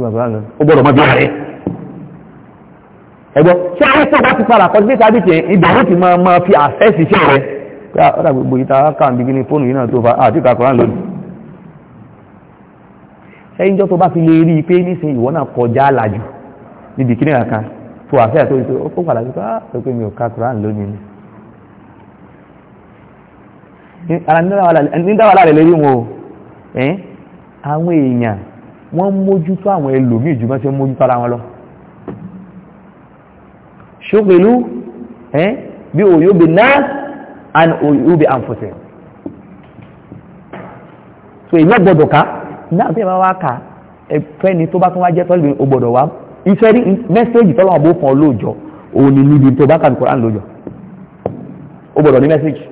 ó gbọ́dọ̀ mọ́ bí ààrẹ ẹgbọ́ ṣé àìsàn bá ti padà kọjú níta bí tiẹ̀ ìdààmú ti máa máa fi àfẹ́sì sí rẹ̀ pé ọ̀dà ah, gbogbo ìta káà ń bí gíní fóònù yìí náà tó fa àti ìka kọ̀ọ̀rán lónìí ẹ̀yìn jọ́ tó bá fi lè rí i pé nísìn ìwọ náà kọjá àlàjù níbi kíní kankan tó àfẹ́ àti oṣù ó padà sí ah, pé mi ò ka lónìí ni ara nídáwàlá rẹ̀ lórí wọn o àwọn èèyàn wọ́n mójútó àwọn ẹlòmí ìjùmọ́ tí ó mójútó ara wọn lọ ṣókèlú ẹ́ bí òyóbe náà and òyóbe àǹfọ̀sẹ̀ so ìyẹn gbọ́dọ̀ ká náà bí ẹ máa wá ká ẹ̀fẹ́ ni tó bá tún wá jẹ́ tọ́lù ó gbọ́dọ̀ wá iṣẹ́ rí mẹ́sẹ́jì tọ́lọ́wọ́n bó fún ọ lóòjọ́ òun ni níbi tó bá kàdùkọ́ láàrín lóòjọ́ ó gbọ́dọ̀ ní mẹ́sẹ́jì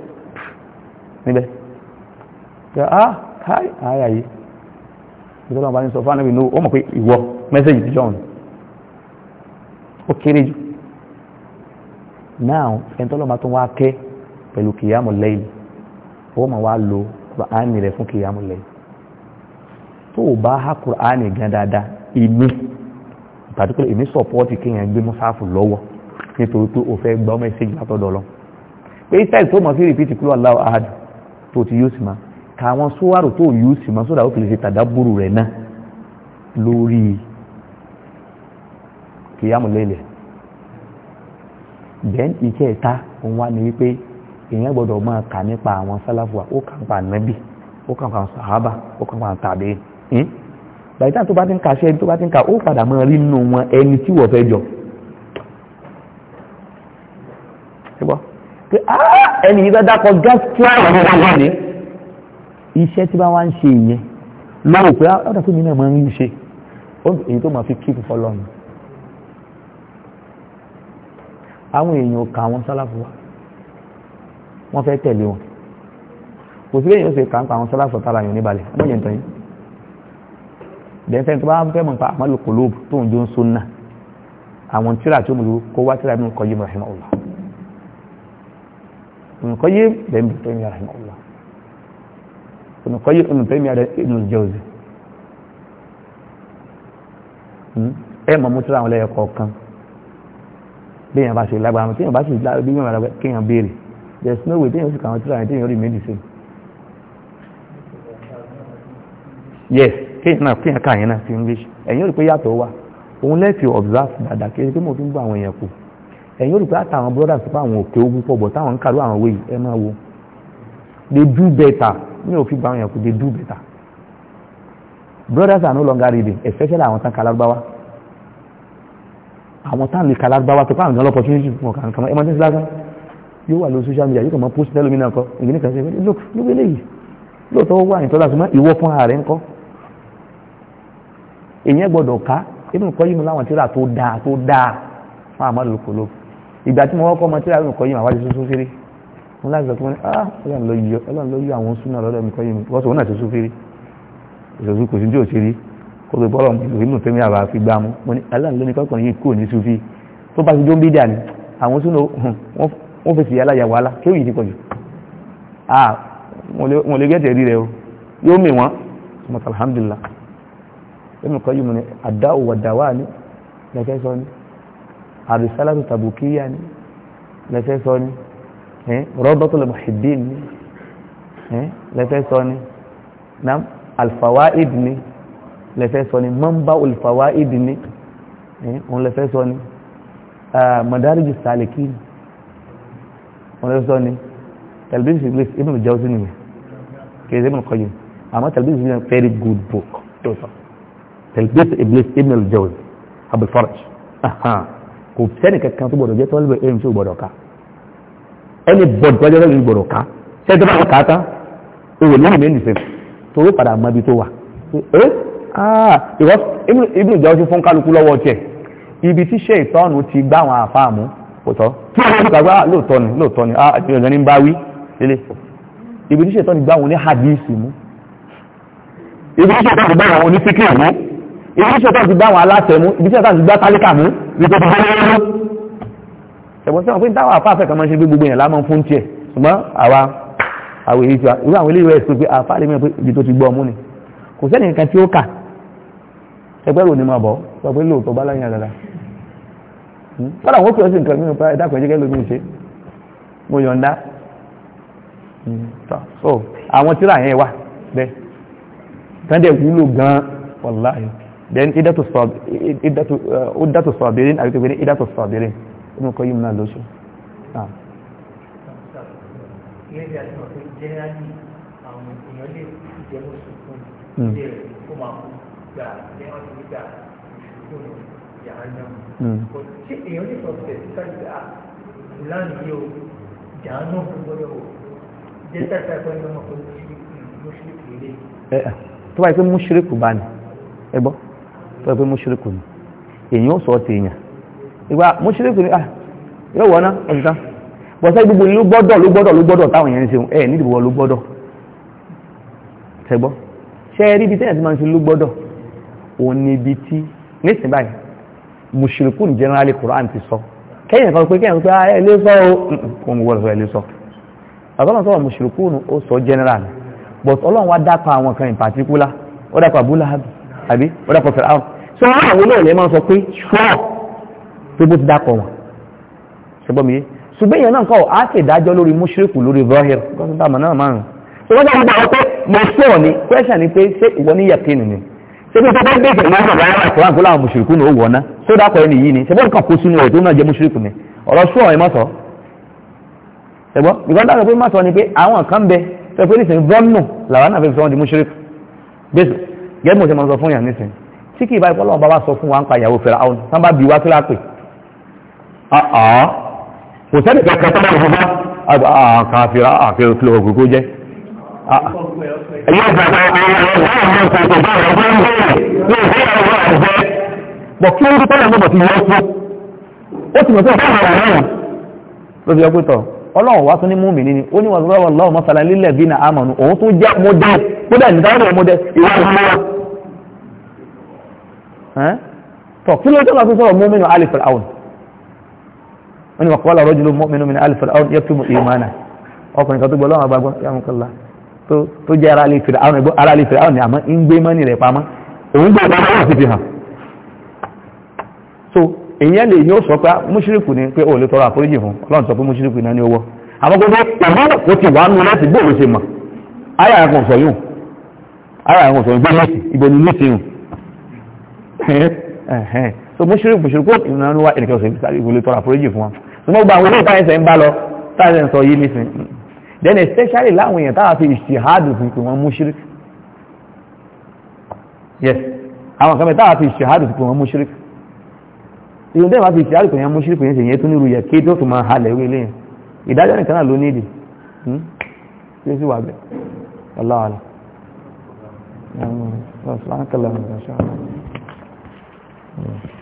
níbẹ̀ ah káì ààyè ìjọba bá ní sọ fún ànábì ní ó mọ̀ pé ìwọ mẹ́sẹ̀jì ti jọ̀hún ó kéré jù náà ẹni tọ́lọ́ máa tún wá kẹ́ pẹ̀lú kìyàmù lẹ́yìn ó máa wá lo kùránì rẹ̀ fún kìyàmù lẹ́yìn tó o bá há kùránì gan dáadáa ìmí particular èmi sọ̀pọ́ọ̀tì kéèyàn gbé mọ́sáàfù lọ́wọ́ nítorí pé o fẹ́ gbọ́ mẹ́sẹ̀jì látọ̀dọ̀ lọ pé israel tó mọ̀ sí rìpítì kúrò aláwọ̀ ahad tó ti yóò sì máa ka àwọn sówárò tó yù sí mọ́ sódà ó fi lè ṣe tàdábùrù rẹ̀ náà lórí kìyàmùlélẹ̀ then ìkẹ́ ẹ̀ta òun wá ní wípé èèyàn gbọ́dọ̀ máa kà nípa àwọn sálàfù ó kà ń pa nábì ó kà ń pa sàhábà ó kà ń pa tàbí hmm? bàtà tó bá ti ń ka ṣe tó bá ti ń ka ó padà máa rí nínú wọn ẹni tí wọ́n fẹ́ jọ ẹni yìí bá dákọ̀ gẹ́sì tí wọ́n rẹ̀ wọ́n wọ́n ní iṣẹ́ tí bá wá ń ṣe ìyẹn lọ́wọ́ pé ọ̀dọ̀ pé mi náà máa ń ṣe èyí tó máa fi kíkù fọlọ́run àwọn èèyàn ò kà wọ́n sálàfù wa wọ́n fẹ́ tẹ̀lé wọn kò sí èèyàn ó ṣe kà ń pa àwọn sálàfù tára yàn níbalẹ̀ ọmọdé nǹkan yìí dẹ́sẹ̀ tó bá fẹ́ mọ̀ pa àmọ́ lòkò lóòbù tó ń jó ń sunna àwọn tíra tó mú kó wá tíra Ibn Qayyim rahimahullah Ibn Qayyim lẹ́yìn tó ń yà rahimahullah olùkọ́yí olùfẹ́mi ààrẹ inú jẹ́òzì ẹ mọ̀ mú tíra àwọn ẹlẹ́yọ kọ̀ọ̀kan bí èèyàn bá ṣe lágbára tí èèyàn bá ṣe lágbára bí èèyàn bá kéèyàn béèrè there is no way téèyàn sì kà àwọn tíra àwọn téèyàn rí méjì sí yes kéèyàn náà kéèyàn kà yẹn náà sí English ẹ̀yin ò rí pé yàtọ̀ wà òun lẹ́ẹ̀fì observe dáadáa kí ẹ mo fi ń bọ àwọn èèyàn kù ẹ̀yin ò rí brothers pa àwọn òkè ogun pọ̀ bọ̀ táwọn ń kàró àwọn wéyìí ẹ máa wo they do better mi ò fi gba àwọn yẹn kò dé do better brothers are no longer reading especially àwọn tán kalárúbáwá àwọn tán lè kalárúbáwá tó pàmò ìdánwò opportunity fún ọkàn kan ẹ máa tẹ́sí yóò wà lórí social media yóò kàn máa post tẹ́lómi náà kọ ìgbìnì kan ṣe look look eléyìí lóòótọ́ wà ní tọ́lá ṣùgbọ́n ìwọ fún ara rẹ̀ ń kọ́ èyàn gbọ́dọ̀ ká inú kọ́ yìí mú láwọn tíra tó dáa tó dáa fún àmọ́ lòkòlò ìgbà tí mo wọ́n kọ́ tíra inú kọ́ yìí fún láti sọ fún ah ọlọ́run ló yọ àwọn súnà lọ́dọ̀ mi kọ́ yìí wọ́n sọ wọn náà ṣe súfèrí ìṣòsù kò sí tí ò ṣe rí kó tó bọ́lọ̀ ìlú tẹ́mi àbá fi gbá mú mo ní ọlọ́run ló ní kọ́kùnrin yìí kúrò ní súfì tó bá ti jó ń bí dà ní àwọn súnà wọ́n fèsì aláya wàhálà kéwì yìí ti pọ̀jù ah mo lè gẹ́tẹ̀ rí rẹ o yóò mì wọ́n mọ̀tà alhamdulillah ẹ̀mí kọ́ yìí mo ní àdáwò wàdáwà ni lẹ́kẹ́ sọ ni àrísálàtù tàbùkíyà ni lẹ́kẹ́ sọ ni Raudatul Muhibbin ni lẹ́fẹ́ sọ ni nam alfawaid ni lẹ́fẹ́ sọ ni Manba'ul Fawaid ni òun lẹ́fẹ́ sọ ni Madarijus Salikin òun lẹ́fẹ́ sọ ni Talbis Iblis Ibn Jawzi ni kèzé Ibn Qayyim àmọ́ Talbis Iblis very good book tó sọ Talbis Iblis Ibn Jawzi Abul Faraj kò sẹ́nì kankan tó gbọdọ̀ jẹ́ tọ́lú ẹ̀ ń tó gbọdọ̀ ká ẹni bọ̀dù wájú ọlọ́run gbọ̀rọ̀ ká ṣẹ́jọ́ bá kà á tá òwò lóhùn mẹ́rin nìfẹ́ tó ó padà mọ ibi tó wà ẹ́ ìwọ́ ibi ìjà ọtí fún kálukú lọ́wọ́ tiẹ̀ ibi tí ṣe ìtọ́nù ti gbá àwọn àfáàmú kò tọ́ tí wọ́n ti gbàgbá lóòótọ́ ni lóòótọ́ ni ìrọ̀jọ́ ah, ní bá wí lélẹ̀ ibi tí ṣe ìtọ́nù gbá àwọn oníhàdíìsì mú ibi tí ṣe ìtọ́nù gbá àwọn onífíkì mú ibi tí ṣe ìtọ́nù gbá àwọn aláṣẹ mú ibi tí ṣe ìtọ́nù gbá tálíkà mú ibi tó ti ẹ̀gbọ́n tí wọ́n pín táwọn àfáàfẹ́ kan máa ṣe gbogbo èèyàn lámọ́ fún tiẹ̀ ṣùgbọ́n àwa àwọn èyí tí wa irú àwọn iléèwé ẹ̀sùn pé àfáà lè mọ̀ pé ibi tó ti gbọ́ ọmú ni kò sẹ́ni nǹkan tí ó kà ẹgbẹ́ rò ní máa bọ̀ sọ pé lóòótọ́ bá láyìn àdàdà hmm? fọ́nà wọ́n pèsè nǹkan nínú pa ẹ̀dá pẹ̀jẹ́gẹ́ lómi ṣe mo yọ̀ǹda hmm, so àwọn tíra yẹn wà bẹ́ẹ̀ kan wúlò gan-an then idatu sabirin àti ìdatu uh, sabirin inú kọ́ yìí náà ló hmm. ṣe. Hmm. Eh, tó báyìí pé mú ṣíríkù bá ní ẹgbọ́ tó báyìí pé mú ṣíríkù ní èyí ó sọ ọ́ ti èèyàn ìgbà mọ́ṣílẹ́kù ní ah, yóò wọ́n náà ọ̀sán bọ̀sẹ́ gbogbo ló gbọ́dọ̀ ló gbọ́dọ̀ ló gbọ́dọ̀ táwọn èèyàn ń ṣeun ẹ̀ nídìí wọ́n ló gbọ́dọ̀ tẹ́gbọ́ ṣe rí ibi tẹ́yàn ti máa ń ṣe ló gbọ́dọ̀ òun ni ibi tí nísìn báyìí mọ́ṣílẹ́kù ní generally Quran ti sọ kẹ́yìn kan pé kẹ́yìn pé ah, ẹ lé sọ o òun wọ́n sọ ẹ lé sọ àtọ́lọ́n sọ̀rọ̀ mọ́ṣílẹ́kù ó sọ general but ọlọ́run wá dápa àwọn kan in particular ó dápa Abu Lahab àbí ó dápa fẹ̀rẹ̀ àwọn sọ àwọn olóòlẹ́ máa sọ pé sure pé bó ti dákọ̀ wọn ṣùgbọ́n mi ṣùgbọ́n èèyàn náà kọ́ á sì dájọ́ lórí mushriku lórí zahir gọ́sùn dàmọ̀ náà márùn ṣùgbọ́n dáwọn dáwọn pé mo sọ̀rọ̀ ni question ni pé ṣé ìwọ ní yẹ̀kín ni ṣé bí tọ́tọ́ gbé ìṣẹ̀lẹ̀ náà bàbá yàrá ìkọ́lá àgbọ́lá àwọn mushriku náà wọ̀ ná ṣó dákọ̀ ẹni yìí ni ṣé bọ́n kàn kó sínú rẹ̀ tó náà jẹ́ mushriku ni ọ̀rọ̀ sọ̀rọ̀ ẹ mọ́sọ̀ ṣùgbọ́n ìgbọ́n dáwọn pé mọ́sọ̀ ni máa sọ tí kì í bá ipọ́ wá sọ fún wa ń pa ìyàwó Fir'aun tán bá bí wá kí lápè àà kò sẹ́ni kankan tó máa fọ́fá àkàfíà àfihàn ìfìlọ̀ ògùn kó jẹ́ ọlọ́run wá tún ní múmi nínú ó ní wọ́n rọ́wọ́ lọ́wọ́ mọ́sàlá lílẹ̀ bí na àmọ̀nù òun tó jẹ́ mọ́dẹ́ tó dẹ̀ nìtàwọ́dẹ̀ mọ́dẹ́ ìwọ̀n ìwọ̀n tọ̀ kí ló tọ́lá tó sọ́rọ̀ múmi nínú alifẹ̀ àwọn wọ́n ni wà kọ́lá rọ́jùlọ mọ́mínú min alifir'aun ya fi mú ìmánà ọkùnrin kan tó gbọ́ lọ́wọ́ àgbàgbọ́ yàmùkọ́lá tó jẹ́ ara alifir'aun ni àmọ́ ń gbé mọ́ni rẹ̀ pamọ́ òun gbé ọ̀dọ́ wọn sì fi hàn so èyàn lè yóò sọ pé mùṣírìkù ni pé ó lè tọrọ àforíjì fún ọlọ́run sọ pé mùṣírìkù náà ni owó àwọn gbogbo ọ̀rọ̀ kò ti wà nù láti gbóòrò ṣe mọ̀ ara àwọn ọ̀sọ̀ yóò ẹ̀hẹ́n so mọ́ṣírí mọ́ṣírí kó ìrìnà wá ẹnìkan ọ̀sẹ̀ ìgbésàrí ìwòlé tọrọ àforíjì fún wa ṣùgbọ́n gba àwọn olóòtú àyẹ̀sẹ̀ ń bá lọ táyẹ̀ ń sọ yìí nísìn then especially láwọn èèyàn táwa fi ìṣìhádù fún pé wọ́n mọ́ṣírí yes àwọn kan mẹ́ táwa fi ìṣìhádù fún pé wọ́n mọ́ṣírí ìyẹn tẹ́wàá fi ìṣìhádù pé wọ́n mọ́ṣírí pé yẹn tó nírú yẹ kí tó tún máa halẹ̀ wí lẹ́yìn ìdájọ́ nìkan náà ló ní èdè yóò sì wà bẹ́ẹ̀ aláwọ̀ alá Mm.